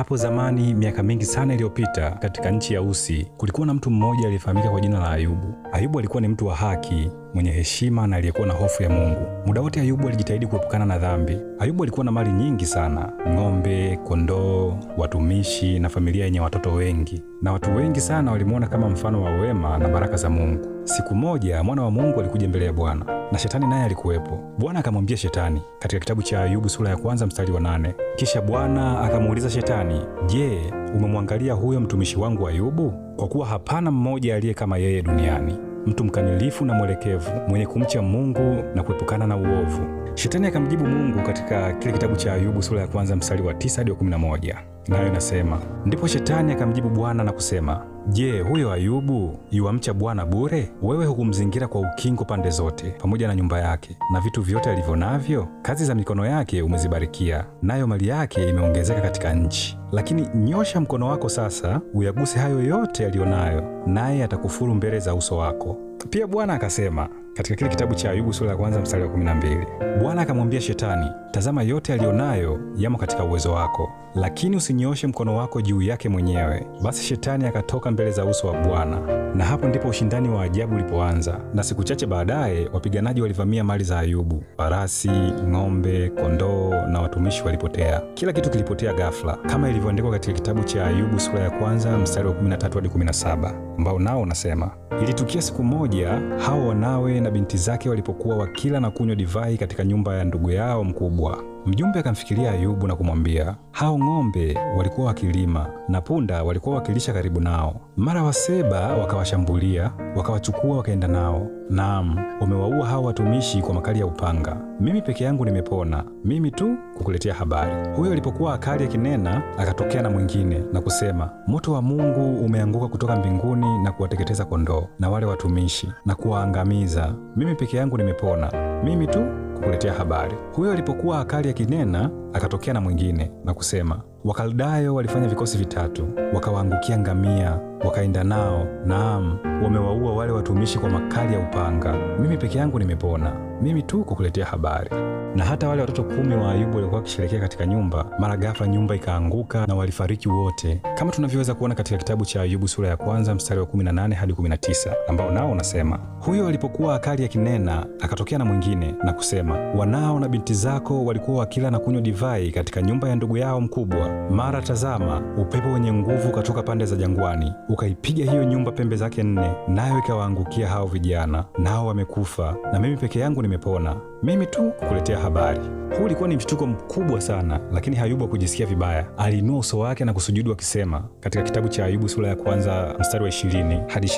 Hapo zamani, miaka mingi sana iliyopita, katika nchi ya Usi kulikuwa na mtu mmoja aliyefahamika kwa jina la Ayubu. Ayubu alikuwa ni mtu wa haki mwenye heshima na aliyekuwa na hofu ya Mungu. Muda wote Ayubu alijitahidi kuepukana na dhambi. Ayubu alikuwa na mali nyingi sana, ng'ombe, kondoo, watumishi na familia yenye watoto wengi, na watu wengi sana walimwona kama mfano wa wema na baraka za Mungu. Siku moja mwana wa Mungu alikuja mbele ya Bwana na shetani naye alikuwepo. Bwana akamwambia shetani, katika kitabu cha Ayubu sura ya kwanza mstari wa nane. Kisha Bwana akamuuliza shetani, je, umemwangalia huyo mtumishi wangu Ayubu? Kwa kuwa hapana mmoja aliye kama yeye duniani, mtu mkanilifu na mwelekevu mwenye kumcha Mungu na kuepukana na uovu. Shetani akamjibu Mungu katika kile kitabu cha Ayubu sura ya kwanza mstari wa 9 hadi 11 nayo inasema, ndipo shetani akamjibu Bwana na kusema, Je, huyo Ayubu yuamcha Bwana bure? Wewe hukumzingira kwa ukingo pande zote, pamoja na nyumba yake na vitu vyote alivyo navyo. Kazi za mikono yake umezibarikia, nayo mali yake imeongezeka katika nchi. Lakini nyosha mkono wako sasa, uyaguse hayo yote yaliyo nayo naye atakufuru mbele za uso wako. Pia Bwana akasema katika kile kitabu cha Ayubu sura ya kwanza mstari wa 12, Bwana akamwambia Shetani, tazama yote aliyonayo yamo katika uwezo wako, lakini usinyooshe mkono wako juu yake mwenyewe. Basi Shetani akatoka mbele za uso wa Bwana, na hapo ndipo ushindani wa ajabu ulipoanza. Na siku chache baadaye wapiganaji walivamia mali za Ayubu, farasi, ng'ombe, kondoo na watumishi walipotea. Kila kitu kilipotea ghafla, kama ilivyoandikwa katika kitabu cha Ayubu sura ya kwanza mstari wa 13 hadi 17, ambao nao unasema ilitukia siku moja moja, hao wanawe na binti zake walipokuwa wakila na kunywa divai katika nyumba ya ndugu yao mkubwa. Mjumbe akamfikiria Ayubu na kumwambia, hao ng'ombe walikuwa wakilima na punda walikuwa wakilisha karibu nao, mara Waseba wakawashambulia, wakawachukua, wakaenda nao. Naam, wamewaua hao watumishi kwa makali ya upanga. Mimi peke yangu nimepona, mimi tu kukuletea habari. Huyo alipokuwa akali akinena, akatokea na mwingine na kusema, moto wa Mungu umeanguka kutoka mbinguni na kuwateketeza kondoo na wale watumishi na kuwaangamiza. Mimi peke yangu nimepona, mimi tu kukuletea habari. Huyo alipokuwa akali akinena, akatokea na mwingine na kusema, Wakaldayo walifanya vikosi vitatu, wakawaangukia ngamia wakaenda nao, naam, wamewaua wale watumishi kwa makali ya upanga. Mimi peke yangu nimepona, mimi tu kukuletea habari. Na hata wale watoto kumi wa Ayubu waliokuwa wakisherekea katika nyumba, mara ghafla nyumba ikaanguka na walifariki wote, kama tunavyoweza kuona katika kitabu cha Ayubu sura ya kwanza mstari wa 18 hadi 19, ambao nao unasema, huyo alipokuwa akali akinena, akatokea na mwingine na kusema, wanao na binti zako walikuwa wakila na kunywa divai katika nyumba ya ndugu yao mkubwa. Mara tazama, upepo wenye nguvu ukatoka pande za jangwani ukaipiga hiyo nyumba pembe zake nne, nayo ikawaangukia hao vijana, nao wamekufa, na mimi peke yangu nimepona, mimi tu kukuletea habari. Huu ulikuwa ni mshtuko mkubwa sana, lakini Ayubu hakujisikia vibaya. Aliinua uso wake na kusujudu akisema, katika kitabu cha Ayubu sura ya kwanza mstari wa ishirini hadi ishirini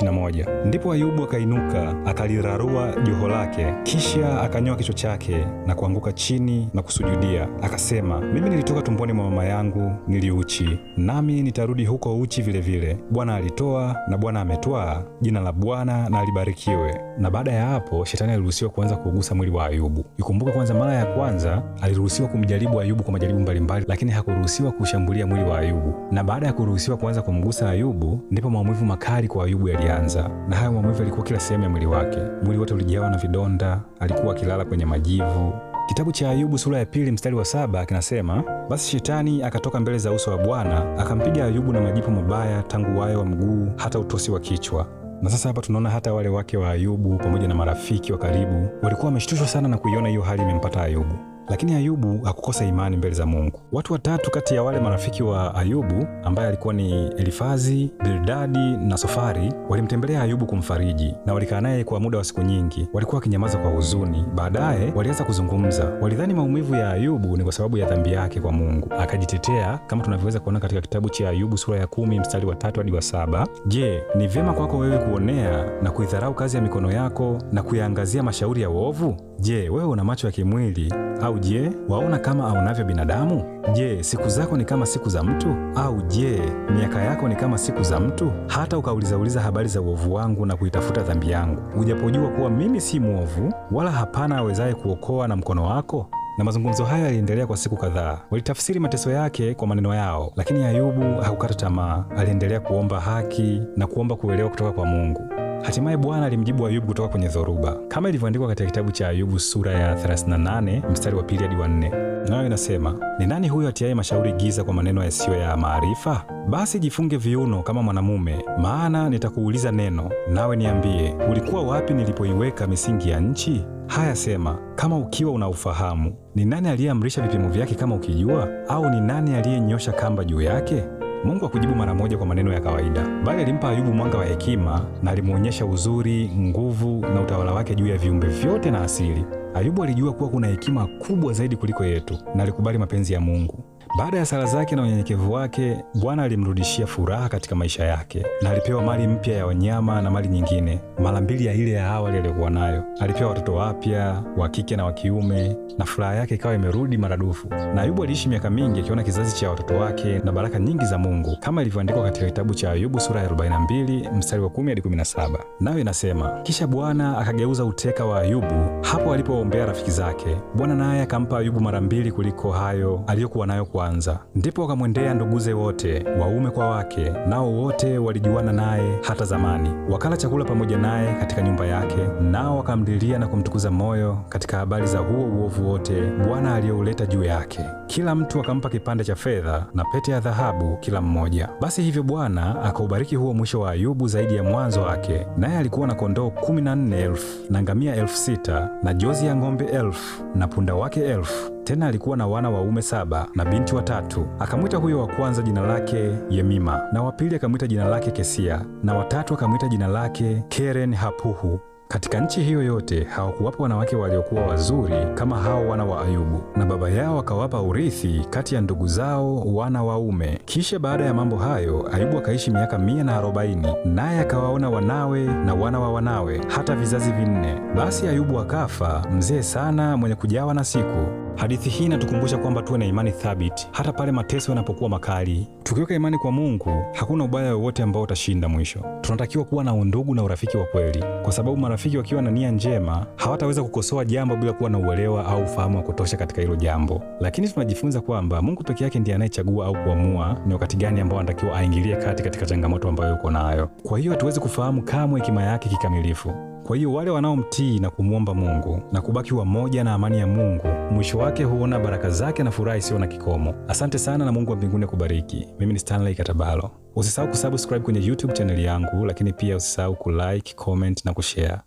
ndipo Ayubu akainuka akalirarua joho lake, kisha akanyoa kichwa chake na kuanguka chini na kusujudia, akasema, mimi nilitoka tumboni mwa mama yangu niliuchi, nami nitarudi huko uchi vilevile. Bwana alitoa na Bwana ametwaa, jina la Bwana na alibarikiwe. Na baada ya hapo shetani aliruhusiwa kuanza kuugusa mwili wa Ayubu. Ikumbuka kwanza, mara ya kwanza aliruhusiwa kumjaribu Ayubu kwa majaribu mbalimbali, lakini hakuruhusiwa kushambulia mwili wa Ayubu. Na baada ya kuruhusiwa kuanza kumgusa Ayubu, ndipo maumivu makali kwa Ayubu yalianza, na hayo maumivu yalikuwa kila sehemu ya mwili wake. Mwili wote ulijawa na vidonda, alikuwa akilala kwenye majivu Kitabu cha Ayubu sura ya pili mstari wa saba kinasema, basi shetani akatoka mbele za uso wa Bwana akampiga Ayubu na majipu mabaya, tangu wayo wa mguu hata utosi wa kichwa. Na sasa hapa tunaona hata wale wake wa Ayubu pamoja na marafiki wa karibu walikuwa wameshtushwa sana na kuiona hiyo hali imempata Ayubu. Lakini Ayubu hakukosa imani mbele za Mungu. Watu watatu kati ya wale marafiki wa Ayubu ambaye alikuwa ni Elifazi, Bildadi na Sofari walimtembelea Ayubu kumfariji na walikaa naye kwa muda wa siku nyingi. Walikuwa wakinyamaza kwa huzuni. Baadaye walianza kuzungumza. Walidhani maumivu ya Ayubu ni kwa sababu ya dhambi yake kwa Mungu. Akajitetea kama tunavyoweza kuona katika kitabu cha Ayubu sura ya kumi mstari wa tatu hadi wa saba. Je, ni vyema kwako wewe kuonea na kuidharau kazi ya mikono yako na kuyaangazia mashauri ya uovu? Je, wewe una macho ya kimwili au je, waona kama aonavyo binadamu? Je, siku zako ni kama siku za mtu au je, miaka yako ni kama siku za mtu? Hata ukaulizauliza habari za uovu wangu na kuitafuta dhambi yangu, ujapojua kuwa mimi si mwovu, wala hapana awezaye kuokoa na mkono wako? na mazungumzo haya yaliendelea kwa siku kadhaa. Walitafsiri mateso yake kwa maneno yao, lakini Ayubu hakukata tamaa. Aliendelea kuomba haki na kuomba kuelewa kutoka kwa Mungu. Hatimaye Bwana alimjibu Ayubu kutoka kwenye dhoruba, kama ilivyoandikwa katika kitabu cha Ayubu sura ya 38 mstari wa pili hadi wa nne, nayo inasema: ni nani huyo atiaye mashauri giza kwa maneno yasiyo ya maarifa? Basi jifunge viuno kama mwanamume, maana nitakuuliza neno, nawe niambie, ulikuwa wapi nilipoiweka misingi ya nchi? Haya, sema kama ukiwa unaufahamu. Ni nani aliyeamrisha vipimo vyake kama ukijua? Au ni nani aliyenyosha kamba juu yake? Mungu akujibu mara moja kwa maneno ya kawaida, bali alimpa Ayubu mwanga wa hekima na alimwonyesha uzuri, nguvu na utawala wake juu ya viumbe vyote na asili. Ayubu alijua kuwa kuna hekima kubwa zaidi kuliko yetu na alikubali mapenzi ya Mungu. Baada ya sala zake na unyenyekevu wake, Bwana alimrudishia furaha katika maisha yake, na alipewa mali mpya ya wanyama na mali nyingine mara mbili ya ile ya awali aliyokuwa nayo. Alipewa watoto wapya wa kike na wa kiume, na furaha yake ikawa imerudi maradufu. Na Ayubu aliishi miaka mingi akiona kizazi cha watoto wake na baraka nyingi za Mungu kama ilivyoandikwa katika kitabu cha Ayubu sura ya 42 mstari wa 10 hadi 17, nayo inasema: kisha Bwana akageuza uteka wa Ayubu hapo alipoombea rafiki zake. Bwana naye akampa Ayubu mara mbili kuliko hayo aliyokuwa nayo kwa kwanza. Ndipo wakamwendea nduguze wote waume kwa wake, nao wote walijuana naye hata zamani, wakala chakula pamoja naye katika nyumba yake, nao wakamlilia na kumtukuza moyo katika habari za huo uovu wote Bwana aliyouleta juu yake. Kila mtu akampa kipande cha fedha na pete ya dhahabu kila mmoja. Basi hivyo Bwana akaubariki huo mwisho wa Ayubu zaidi ya mwanzo wake, naye alikuwa na kondoo kumi na nne elfu na ngamia elfu sita na jozi ya ng'ombe elfu na punda wake elfu tena alikuwa na wana waume saba na binti watatu. Akamwita huyo wa kwanza jina lake Yemima, na wa pili akamwita jina lake Kesia, na watatu akamwita jina lake Keren Hapuhu. Katika nchi hiyo yote hawakuwapo wanawake waliokuwa wazuri kama hao wana wa Ayubu, na baba yao akawapa urithi kati ya ndugu zao wana waume. Kisha baada ya mambo hayo, Ayubu akaishi miaka mia na arobaini, naye akawaona wanawe na wana wa wanawe hata vizazi vinne. Basi Ayubu akafa mzee sana, mwenye kujawa na siku. Hadithi hii inatukumbusha kwamba tuwe na imani thabiti hata pale mateso yanapokuwa makali. Tukiweka imani kwa Mungu, hakuna ubaya wowote ambao utashinda mwisho. Tunatakiwa kuwa na undugu na urafiki wa kweli, kwa sababu marafiki wakiwa na nia njema hawataweza kukosoa jambo bila kuwa na uelewa au ufahamu wa kutosha katika hilo jambo. Lakini tunajifunza kwamba Mungu peke yake ndiye anayechagua au kuamua ni wakati gani ambao anatakiwa aingilie kati katika changamoto ambayo yuko nayo. Kwa hiyo hatuwezi kufahamu kamwe hekima yake kikamilifu. Kwa hiyo wale wanaomtii na kumwomba Mungu na kubaki wamoja na amani ya Mungu, mwisho wake huona baraka zake na furaha isiyo na kikomo. Asante sana na Mungu wa mbinguni akubariki. Mimi ni Stanley Katabalo. Usisahau kusubscribe kwenye YouTube chaneli yangu, lakini pia usisahau kulike, comment na kushare.